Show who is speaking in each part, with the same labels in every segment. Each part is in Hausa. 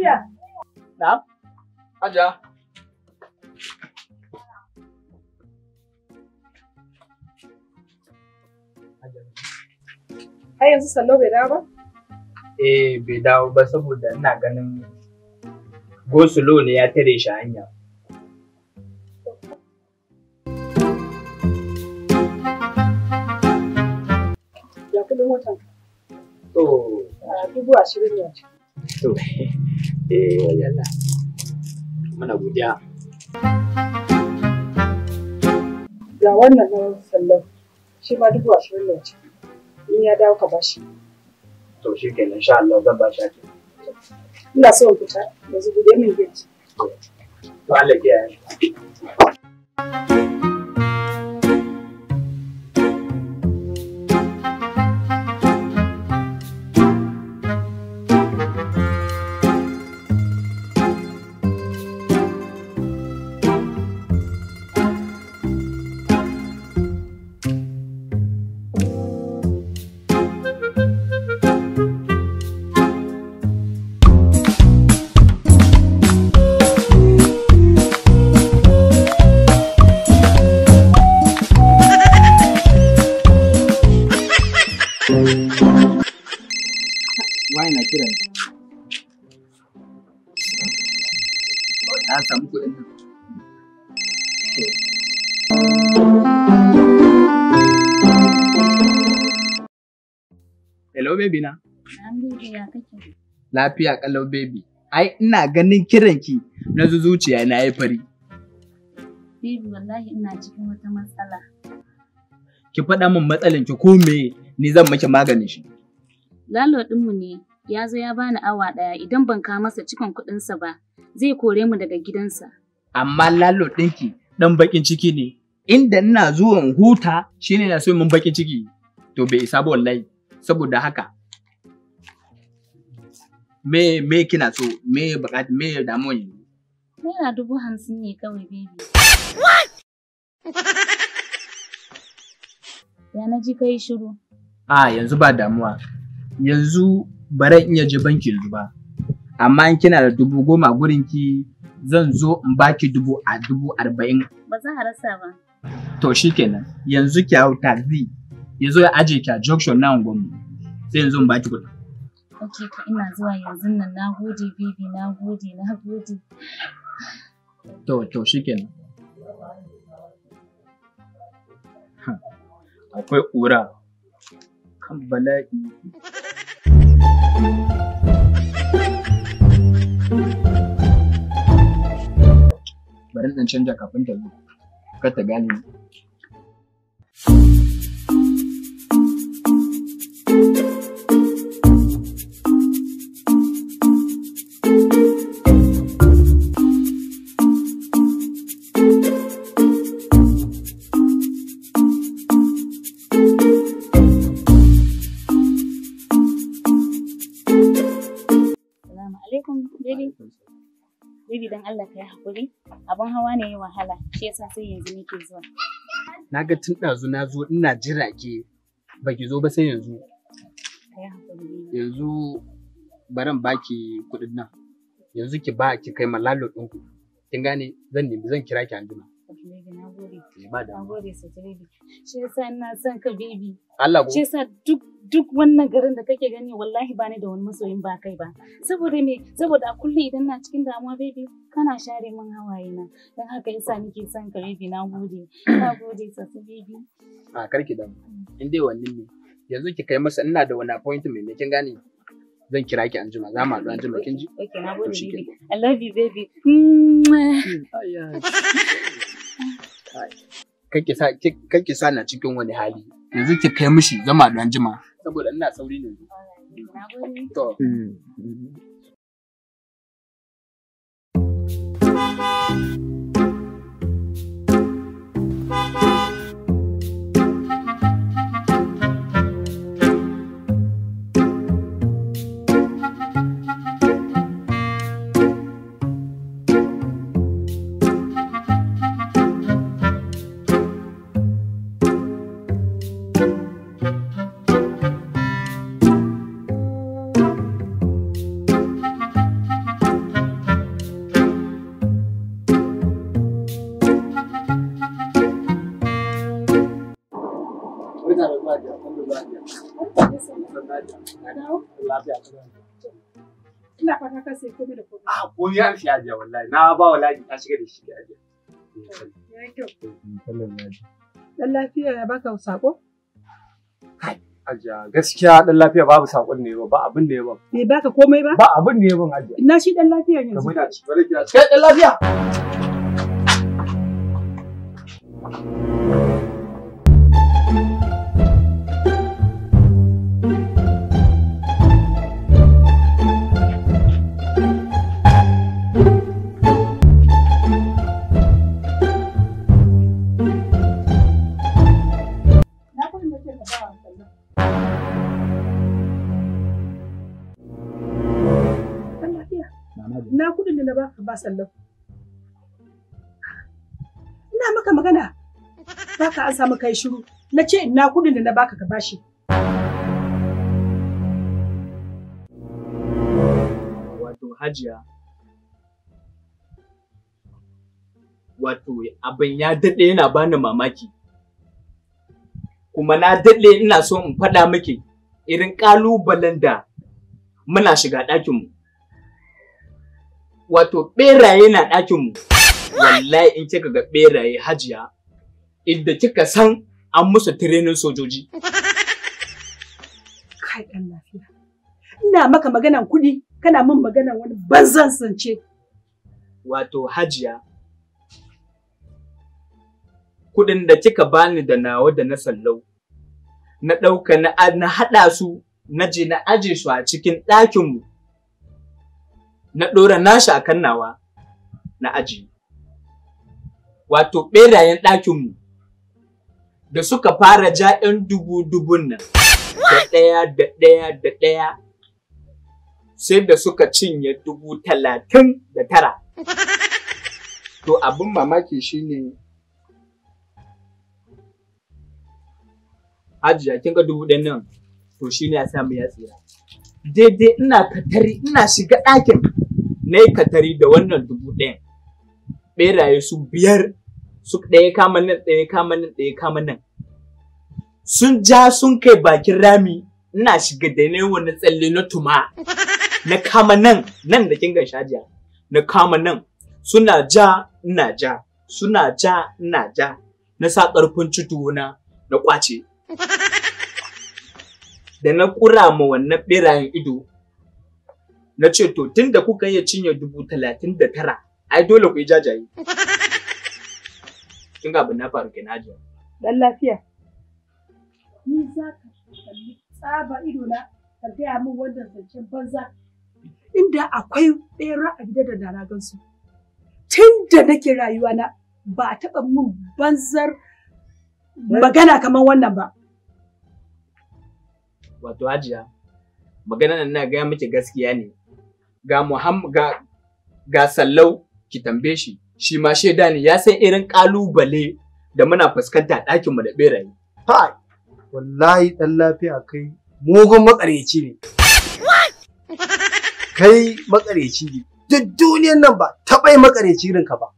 Speaker 1: lafiya?
Speaker 2: Na? Aja.
Speaker 1: yanzu Sallau bai dawo ba?
Speaker 2: Eh bai dawo ba saboda ina ganin gosulo ne ya tare shi hanya.
Speaker 1: Ya kudin watan? To. Ah, dubu ashirin
Speaker 2: E, eh, wajalla muna godiya
Speaker 1: wannan nan sallau shi ma in ya dawo ka bashi to shi ke so fita yanzu gude min gaji
Speaker 2: to ya na samu kuɗin nan Hello baby na. Lafiya kalau baby. Ai ina ganin kiranki na zuciya na yi fari.
Speaker 3: Baby wallahi ina cikin wata matsala.
Speaker 2: Ki faɗa min matsalan ki ko me ni zan miki maganin shi.
Speaker 3: Lalo ɗinmu ne ya zo ya bani awa ɗaya idan ban kawo masa cikon kuɗinsa ba zai kore mu daga gidansa.
Speaker 2: Amma lalo ɗinki ɗan baƙin ciki ne, inda ina zuwan huta shi ne na so mun baƙin ciki, to bai isa ba wallahi, saboda haka. Me me kina so me buƙat me damuwa ne?
Speaker 3: Naira dubu hamsin ne kawai bebe. Ya na ji kai shiru.
Speaker 2: A ah, yanzu ba damuwa. Yanzu bara in iya ji bankin yanzu ba. amma in kina da dubu goma gurin ki zan zo in baki dubu a dubu arba'in.
Speaker 3: Ba za a rasa ba.
Speaker 2: To shi kenan yanzu ki hau tazi ya zo ya aje ki a junction na unguwanmu sai yanzu in baki kuɗi.
Speaker 3: Ok ka ina zuwa yanzu nan na gode bibi na gode na gode.
Speaker 2: To to shi kenan. Akwai ƙura kan bala'i. bari zan canja kafin ta zo kar ta gane ni
Speaker 3: alaikum Baby dan Allah ka yi haƙuri, abin hawa ne wahala, shi yasa sai yanzu nake zuwa.
Speaker 2: Na ga tun ɗazu na zo ina jira ke ba ki zo ba sai yanzu. Yanzu baran baki kuɗin nan, yanzu ki ba ki kai malalo ɗinku. Kin gane zan nemi zan kira ki anjima. Eh, baby Allah
Speaker 3: duk duk wannan garin da kake gani wallahi da wani masoyin ba kai ba saboda me saboda a kullum idan na cikin damuwa baby kana share min hawaye na dan haka yasa nake son ka baby na gode na gode sosai baby
Speaker 2: a karki da in dai wannan ne yanzu ki kai masa ina da wani appointment ne kin gane zan kira ki anjima za mu haɗu anjima kin ji
Speaker 3: okay na gode baby i love you baby mm-hmm.
Speaker 2: kake sa kake sa na cikin wani hali yanzu ki kai mishi zama don jima
Speaker 3: saboda ina sauri ne to Thank hmm. you.
Speaker 2: Ina
Speaker 1: fata ah,
Speaker 2: ba ajiya. gaskiya dan lafiya babu sakon ne ba abin ne ba.
Speaker 1: Me baka komai ba? Ba abin ne ban ajiya. Ina shi dan lafiya yanzu. Kamar da ci bari kira. Kai dan lafiya. Thank you. ba sallau. Ina maka magana. Za ka an samu kai shiru. Na ce ina kudin da na baka ka bashi.
Speaker 2: Wato hajiya. Wato abin ya daɗe yana bani mamaki. Kuma na daɗe ina so in faɗa miki irin ƙalubalen da muna shiga ɗakinmu. wato beraye na ɗakinmu. Wallahi in kika ga beraye hajiya, idda kika san an musu tirenin sojoji.
Speaker 1: Kai ɗan lafiya, ina maka maganan kuɗi, kana min maganan wani banzan
Speaker 2: sance. Wato hajiya, kuɗin da kika bani da nawa da na sallau, na ɗauka na haɗa su, na je na aje su a cikin ɗakin ɗakinmu. na ɗora nashi akan nawa na aji. Wato ɓerayen ɗakinmu da suka fara ja ‘yan dubu-dubun nan da ɗaya da ɗaya da ɗaya sai da suka cinye dubu talatin da tara. To abin mamaki shine Hajiya kin ga dubu ɗan nan to shine ya samu ya tsira. Daidai ina katari ina shiga ɗakin na yi katari da wannan dubu ɗaya, ɓeraye su biyar su ɗaya kama nan ɗaya kama nan ɗaya kama nan sun ja sun kai bakin rami ina shiga da ne wani tsalle na tuma na kama nan nan da kin shajiya na kama nan suna ja ina ja suna ja ina ja na sa ƙarfin cutuna na kwace da na ƙura ma wannan ɓerayen ido na ce to tun da kuka iya cinye dubu talatin da tara ai dole ku yi jajaye kin ga abin na faru na ajiya
Speaker 1: dan lafiya ni za ka kalli tsaba ido na ka gaya min wannan zancen banza inda akwai bera a gida da dana gansu tun da nake rayuwa na ba a taɓa min banzar magana kamar wannan ba.
Speaker 2: Wato hajiya, magana nan na gaya miki gaskiya ne, ga Muhammad ga Sallau ki tambaye shi shi ma shaida ne ya san irin kalubale da muna fuskanta ɗakin mu da ɓeraye ha wallahi dan lafiya kai mugun makareci ne kai makareci ne duk duniyar nan ba taɓa makareci irin ka ba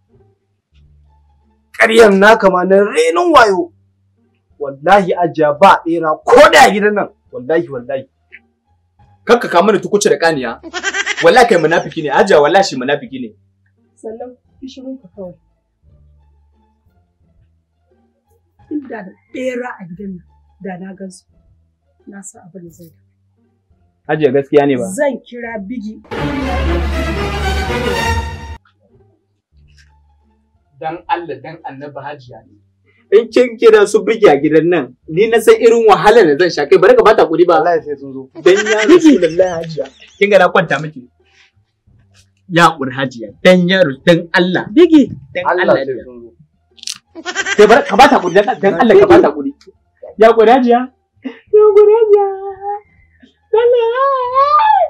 Speaker 2: ƙaryan na kama na renin wayo wallahi ajiya ba ɗera ko da gidan nan wallahi wallahi kakka ka mana tukuci da ƙaniya wallahi kai munafiki ne ajiya wallahi shi munafiki ne
Speaker 1: inda da bera a gidan zan kira bigi
Speaker 2: dan Allah dan annabi hajiya ne in kin kira su bugi a gidan nan ni na san irin wahalar da zan sha kai bari ka bata kuɗi ba wallahi sai sun zo dan ya rasulullahi hajiya kin ga na kwanta miki ya kur hajiya dan ya yaro dan Allah bigi dan Allah sai sun zo kai bari ka bata kuɗi dan Allah ka bata kuɗi ya kur hajiya ya kur hajiya
Speaker 1: dan Allah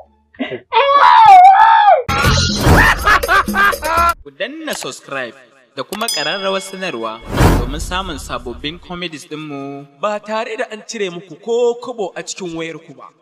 Speaker 2: Ku danna subscribe da kuma ƙararrawar sanarwa domin samun sababbin comedies dinmu. ba tare da an cire muku ko kobo a cikin wayarku ba.